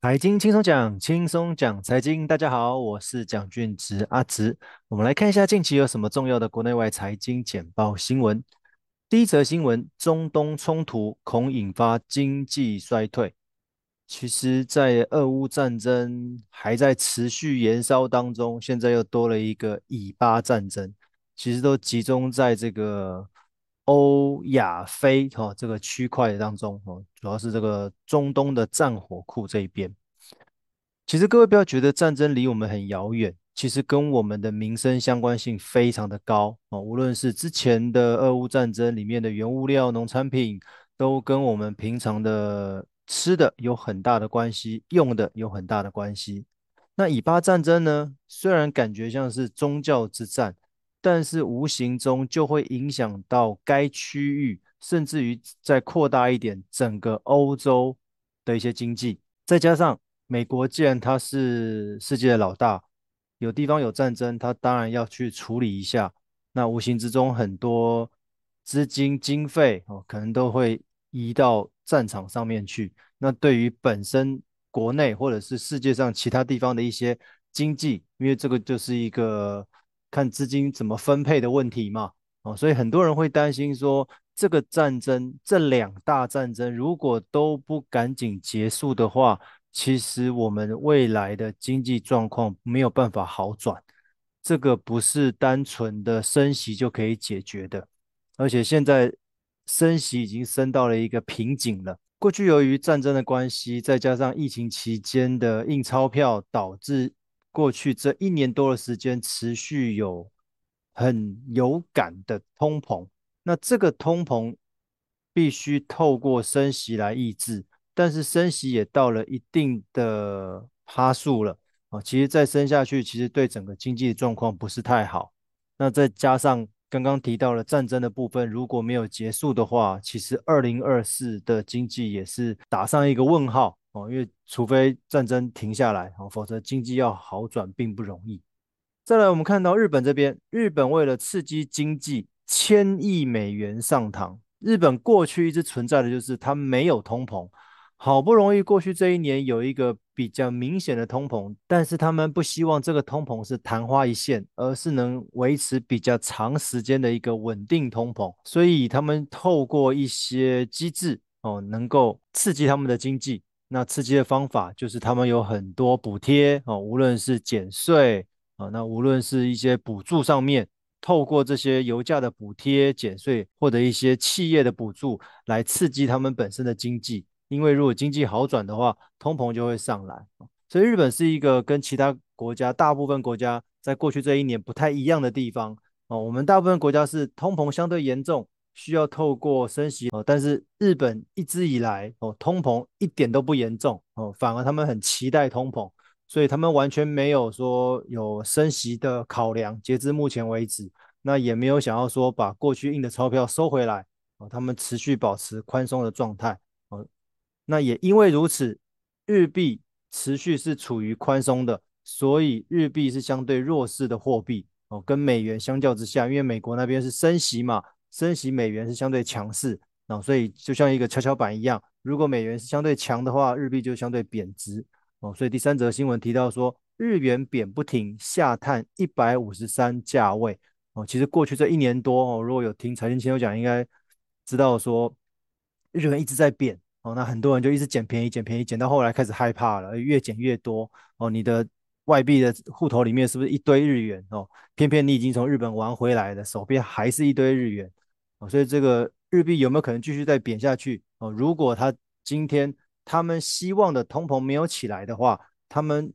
財經輕鬆講，輕鬆講財經。大家好，我是蔣俊直阿直。我們來看一下近期有什麼重要的國內外財經簡報新聞。第一則新聞：中東衝突恐引發經濟衰退。其實，在俄烏戰爭還在持續延燒當中，現在又多了一個以巴戰爭，其實都集中在這個。歐亞非哈這個區塊當中，哈，主要是這個中東的戰火庫這一邊。其實各位不要覺得戰爭離我們很遙遠，其實跟我們的民生相關性非常的高啊。無論是之前的俄烏戰爭裡面的原物料、農產品，都跟我們平常的吃的有很大的關係，用的有很大的關係。那以巴戰爭呢，雖然感覺像是宗教之戰。但是無形中就會影響到該區域，甚至於再擴大一點，整個歐洲的一些經濟。再加上美國，既然它是世界的老大，有地方有戰爭，它當然要去處理一下。那無形之中，很多資金經費哦，可能都會移到戰場上面去。那對於本身國內或者是世界上其他地方的一些經濟，因為這個就是一個。看資金怎麼分配的問題嘛，哦，所以很多人會擔心說，這個戰爭，這兩大戰爭如果都不趕緊結束的話，其實我們未來的經濟狀況沒有辦法好轉，這個不是單純的升息就可以解決的，而且現在升息已經升到了一個瓶頸了。過去由於戰爭的關係，再加上疫情期間的印鈔票導致。過去這一年多的時間，持續有很有感的通膨，那這個通膨必須透過升息來抑制，但是升息也到了一定的趴數了啊，其實再升下去，其實對整個經濟的狀況不是太好。那再加上剛剛提到了戰爭的部分，如果沒有結束的話，其實二零二四的經濟也是打上一個問號。哦，因為除非戰爭停下來，哦，否則經濟要好轉並不容易。再來，我們看到日本這邊，日本為了刺激經濟，千億美元上膛。日本過去一直存在的就是他們沒有通膨，好不容易過去這一年有一個比較明顯的通膨，但是他們不希望這個通膨是曇花一現，而是能維持比較長時間的一個穩定通膨，所以他們透過一些機製，哦，能夠刺激他們的經濟。那刺激的方法就是他們有很多補貼啊，無論是減稅啊，那無論是一些補助上面，透過這些油價的補貼、減稅，或者一些企業的補助，來刺激他們本身的經濟。因為如果經濟好轉的話，通膨就會上來。所以日本是一個跟其他國家、大部分國家在過去這一年不太一樣的地方啊。我們大部分國家是通膨相對嚴重。需要透過升息哦、呃，但是日本一直以來哦、呃，通膨一點都不嚴重哦、呃，反而他們很期待通膨，所以他們完全沒有說有升息的考量。截至目前為止，那也沒有想要說把過去印的鈔票收回來、呃、他們持續保持寬鬆的狀態、呃、那也因為如此，日幣持續是處於寬鬆的，所以日幣是相對弱勢的貨幣哦、呃，跟美元相較之下，因為美國那邊是升息嘛。升息，美元是相對強勢，然後、哦、所以就像一個蹺蹺板一樣，如果美元是相對強的話，日幣就相對貶值哦。所以第三則新聞提到說，日元貶不停，下探一百五十三價位哦。其實過去這一年多哦，如果有聽財經輕鬆講，應該知道說，日元一直在貶哦。那很多人就一直撿便宜，撿便宜，撿到後來開始害怕了，越撿越多哦。你的外幣的戶頭裡面是不是一堆日元哦？偏偏你已經從日本玩回來的，手邊還是一堆日元。哦，所以這個日幣有沒有可能繼續再貶下去？哦，如果他今天他們希望的通膨沒有起來的話，他們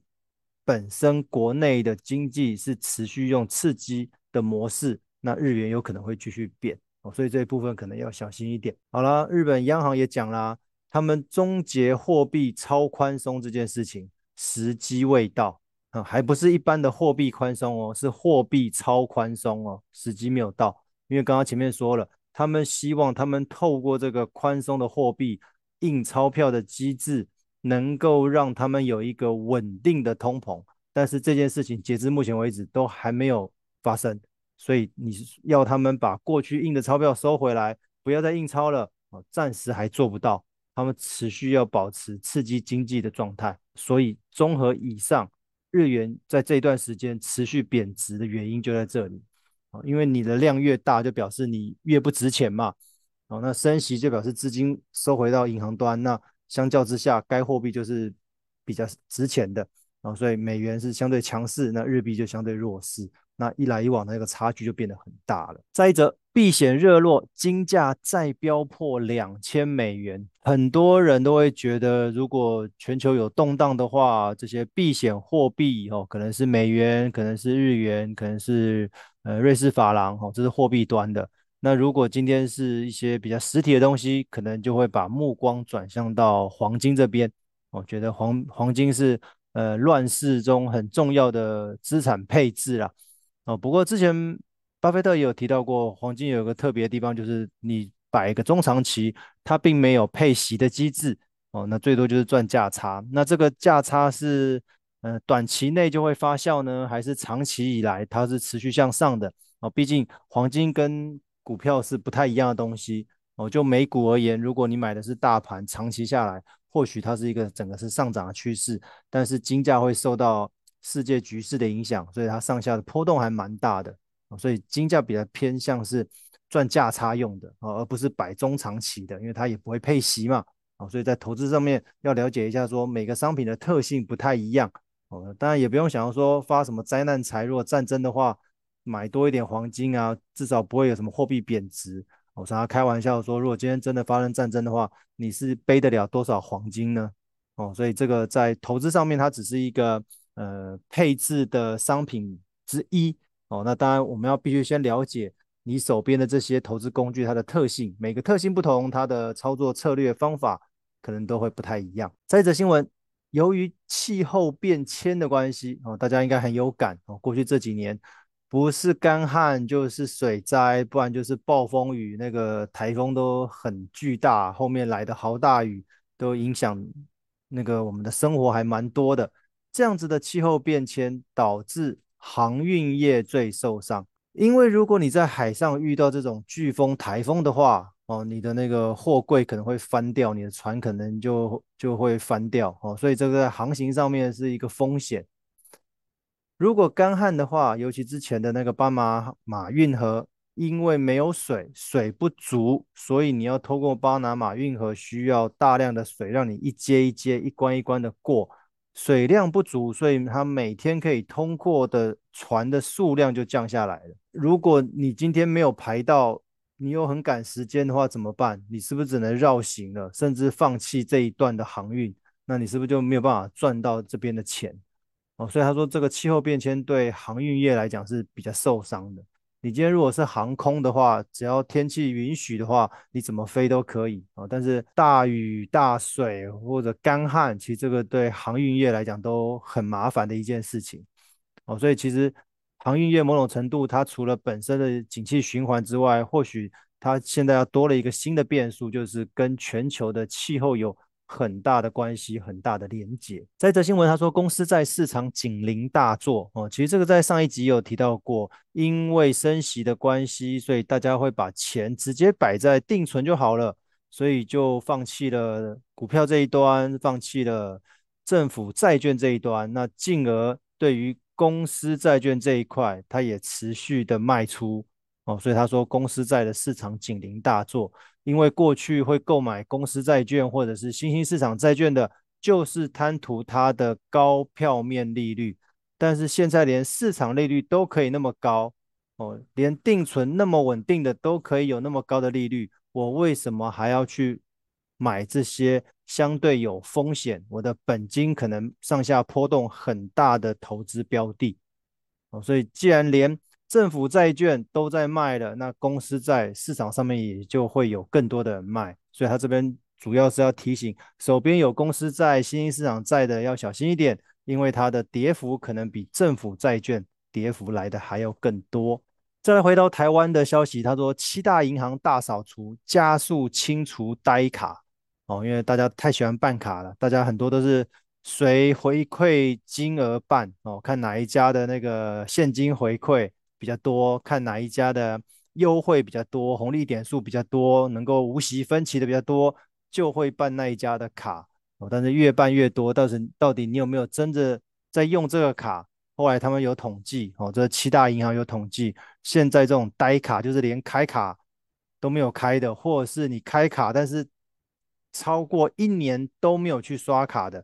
本身國內的經濟是持續用刺激的模式，那日元有可能會繼續貶哦。所以這一部分可能要小心一點。好啦，日本央行也講啦，他們終結貨幣超寬鬆這件事情，時機未到，啊、嗯，還不是一般的貨幣寬鬆哦，是貨幣超寬鬆哦，時機沒有到，因為剛剛前面說了。他們希望他們透過這個寬鬆的貨幣印鈔票的機制，能夠讓他們有一個穩定的通膨，但是這件事情截至目前為止都還沒有發生，所以你要他們把過去印的鈔票收回來，不要再印鈔了，哦，暫時還做不到，他們持續要保持刺激經濟的狀態，所以綜合以上，日元在這段時間持續貶值的原因就在這裡。因為你的量越大，就表示你越不值錢嘛。哦，那升息就表示資金收回到銀行端，那相較之下，該貨幣就是比較值錢的。哦，所以美元是相對強勢，那日幣就相對弱勢，那一來一往的那個差距就變得很大了。再一則，避險熱絡，金價再飆破兩千美元，很多人都會覺得，如果全球有動盪的話，這些避險貨幣哦，可能是美元，可能是日元，可能是呃瑞士法郎，哦，這是貨幣端的。那如果今天是一些比較實體的東西，可能就會把目光轉向到黃金這邊。我、哦、覺得黃黃金是，呃，亂世中很重要的資產配置啦，哦，不過之前巴菲特也有提到過，黃金有個特別的地方，就是你擺一個中長期，它並沒有配息的機制，哦，那最多就是賺價差。那這個價差是，呃，短期內就會發酵呢，還是長期以來它是持續向上的？哦，畢竟黃金跟股票是不太一樣的東西。哦，就美股而言，如果你買的是大盤，長期下來。或許它是一個整個是上漲的趨勢，但是金價會受到世界局勢的影響，所以它上下的波動還蠻大的，所以金價比較偏向是賺價差用的，而不是擺中長期的，因為它也不會配息嘛啊，所以在投資上面要了解一下說，說每個商品的特性不太一樣哦，當然也不用想要說發什麼災難財，如果戰爭的話，買多一點黃金啊，至少不會有什麼貨幣貶值。我常常開玩笑說，如果今天真的發生戰爭的話，你是背得了多少黃金呢？哦，所以這個在投資上面，它只是一個呃配置的商品之一。哦，那當然我們要必須先了解你手邊的這些投資工具它的特性，每個特性不同，它的操作策略方法可能都會不太一樣。再者新聞，由於氣候變遷的關係，哦，大家應該很有感。哦，過去這幾年。不是乾旱就是水災，不然就是暴風雨。那個颱風都很巨大，後面來的豪大雨都影響那個我們的生活還蠻多的。這樣子的氣候變遷導致航運業最受傷，因為如果你在海上遇到這種颶風、颱風的話，哦，你的那個貨櫃可能會翻掉，你的船可能就就會翻掉，哦，所以這個在航行上面是一個風險。如果乾旱的話，尤其之前的那個巴拿馬運河，因為沒有水，水不足，所以你要通過巴拿馬運河需要大量的水，讓你一節一節、一關一關的過。水量不足，所以它每天可以通過的船的數量就降下來了。如果你今天沒有排到，你又很趕時間的話，怎麼辦？你是不是只能繞行了，甚至放棄這一段的航運？那你是不是就沒有辦法賺到這邊的錢？哦，所以他說這個氣候變遷對航運業來講是比較受傷的。你今天如果是航空的話，只要天氣允許的話，你怎麼飛都可以啊，哦，但是大雨、大水或者乾旱，其實這個對航運業來講都很麻煩的一件事情。哦，所以其實航運業某種程度它除了本身的景氣循環之外，或許它現在要多了一個新的變數，就是跟全球的氣候有很大的關係，很大的連結。在這新聞，他說公司債市場警鈴大作哦。其實這個在上一集有提到過，因為升息的關係，所以大家會把錢直接擺在定存就好了，所以就放棄了股票這一端，放棄了政府債券這一端，那進而對於公司債券這一塊，它也持續的賣出哦。所以他說，公司債的市場警鈴大作。因為過去會購買公司債券或者是新興市場債券的，就是貪圖它的高票面利率。但是現在連市場利率都可以那麼高哦，連定存那麼穩定的都可以有那麼高的利率，我為什麼還要去買這些相對有風險、我的本金可能上下波動很大的投資標的哦？所以既然連政府債券都在賣了，那公司債市場上面也就會有更多的人賣，所以他這邊主要是要提醒，手邊有公司債、新興市場債的要小心一點，因為它的跌幅可能比政府債券跌幅來的還要更多。再來回到台灣的消息，他說七大銀行大掃除，加速清除呆卡哦，因為大家太喜歡辦卡了，大家很多都是隨回饋金額辦哦，看哪一家的那個現金回饋。比較多，看哪一家的優惠比較多，紅利點數比較多，能夠無息分期的比較多，就會辦那一家的卡。哦，但是越辦越多，到時到底你有沒有真的在用這個卡？後來他們有統計，哦，這七大銀行有統計，現在這種呆卡就是連開卡都沒有開的，或者是你開卡但是超過一年都沒有去刷卡的。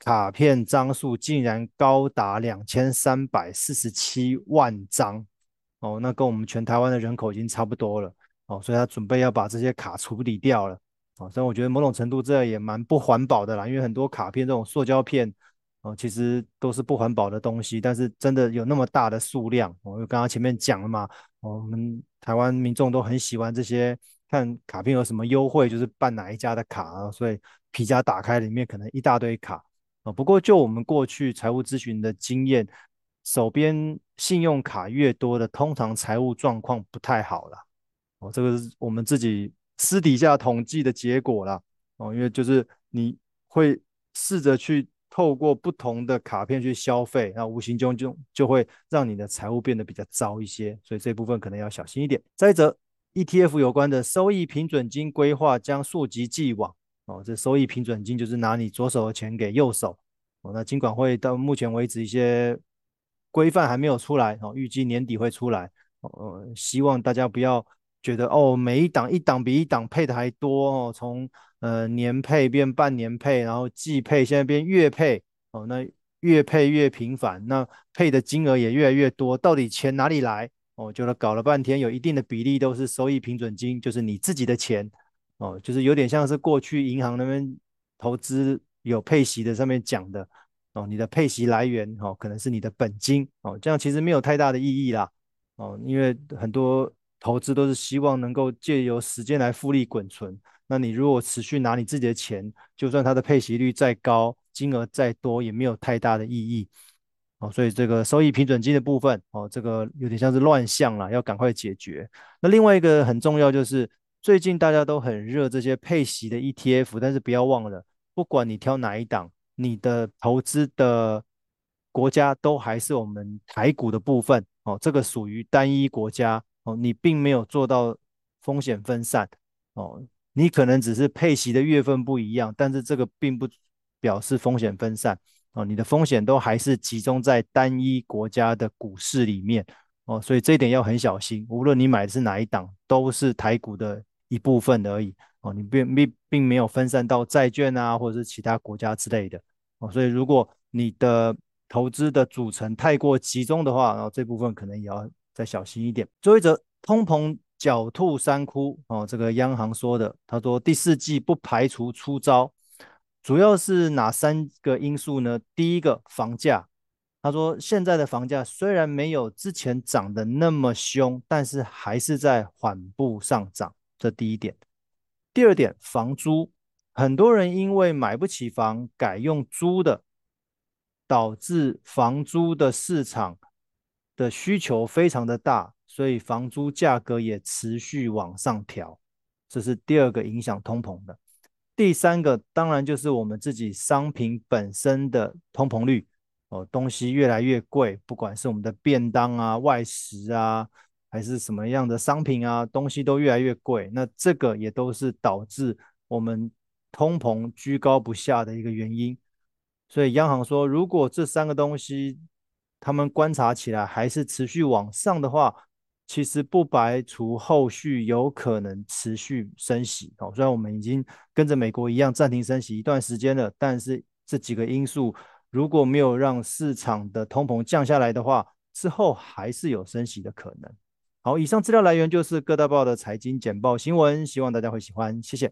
卡片張數竟然高達兩千三百四十七萬張哦，那跟我們全台灣的人口已經差不多了哦，所以他準備要把這些卡處理掉了哦，所以我覺得某種程度這也蠻不環保的啦，因為很多卡片這種塑膠片哦，其實都是不環保的東西。但是真的有那麼大的數量，哦、我剛剛前面講了嘛，我、哦、們、嗯、台灣民眾都很喜歡這些，看卡片有什麼優惠，就是辦哪一家的卡啊，所以皮夾打開裡面可能一大堆卡。啊、哦，不過就我們過去財務諮詢的經驗，手邊信用卡越多的，通常財務狀況不太好了。哦，這個是我們自己私底下統計的結果了。哦，因為就是你會試着去透過不同的卡片去消費，那無形中就就會讓你的財務變得比較糟一些，所以這部分可能要小心一點。再者，ETF 有關的收益平準金規劃將溯及既往。哦，這收益平準金就是拿你左手的錢給右手。哦，那金管會到目前為止一些規範還沒有出來，哦，預計年底會出來。哦，呃、希望大家不要覺得哦，每一檔一檔比一檔配的還多。哦，從呃年配變半年配，然後季配現在變月配。哦，那月配越頻繁，那配的金額也越來越多。到底錢哪裡來？哦，就了搞了半天，有一定的比例都是收益平準金，就是你自己的錢。哦，就是有點像是過去銀行那邊投資有配息的上面講的哦，你的配息來源哦，可能是你的本金哦，這樣其實沒有太大的意義啦哦，因為很多投資都是希望能夠借由時間來複利滾存，那你如果持續拿你自己的錢，就算它的配息率再高，金額再多也沒有太大的意義哦，所以這個收益平準金的部分哦，這個有點像是亂象啦，要趕快解決。那另外一個很重要就是。最近大家都很熱這些配息的 ETF，但是不要忘了，不管你挑哪一檔，你的投資的國家都還是我們台股的部分哦。這個屬於單一國家哦，你並沒有做到風險分散哦。你可能只是配息的月份不一樣，但是這個並不表示風險分散哦。你的風險都還是集中在單一國家的股市裡面哦，所以這一點要很小心。無論你買的是哪一檔，都是台股的一部分而已哦，你並並並沒有分散到債券啊，或者是其他國家之類的哦，所以如果你的投資的組成太過集中的話，然後哦，這部分可能也要再小心一點。接着，通膨狡兔三窟哦，這個央行說的，他說第四季不排除出招，主要是哪三個因素呢？第一個房價，他說現在的房價雖然沒有之前漲得那麼兇，但是還是在緩步上漲。這第一點，第二點，房租，很多人因為買不起房，改用租的，導致房租的市場的需求非常的大，所以房租價格也持續往上調。這是第二個影響通膨的。第三個，當然就是我們自己商品本身的通膨率哦，東西越來越貴，不管是我們的便當啊、外食啊。還是什麼樣的商品啊，東西都越來越貴，那這個也都是導致我們通膨居高不下的一個原因。所以央行說，如果這三個東西他們觀察起來還是持續往上的話，其實不排除後續有可能持續升息。好，雖然我們已經跟着美國一樣暫停升息一段時間了，但是這幾個因素如果沒有讓市場的通膨降下來的話，之後還是有升息的可能。好，以上資料來源就是各大報的財經簡報新聞，希望大家會喜歡，謝謝。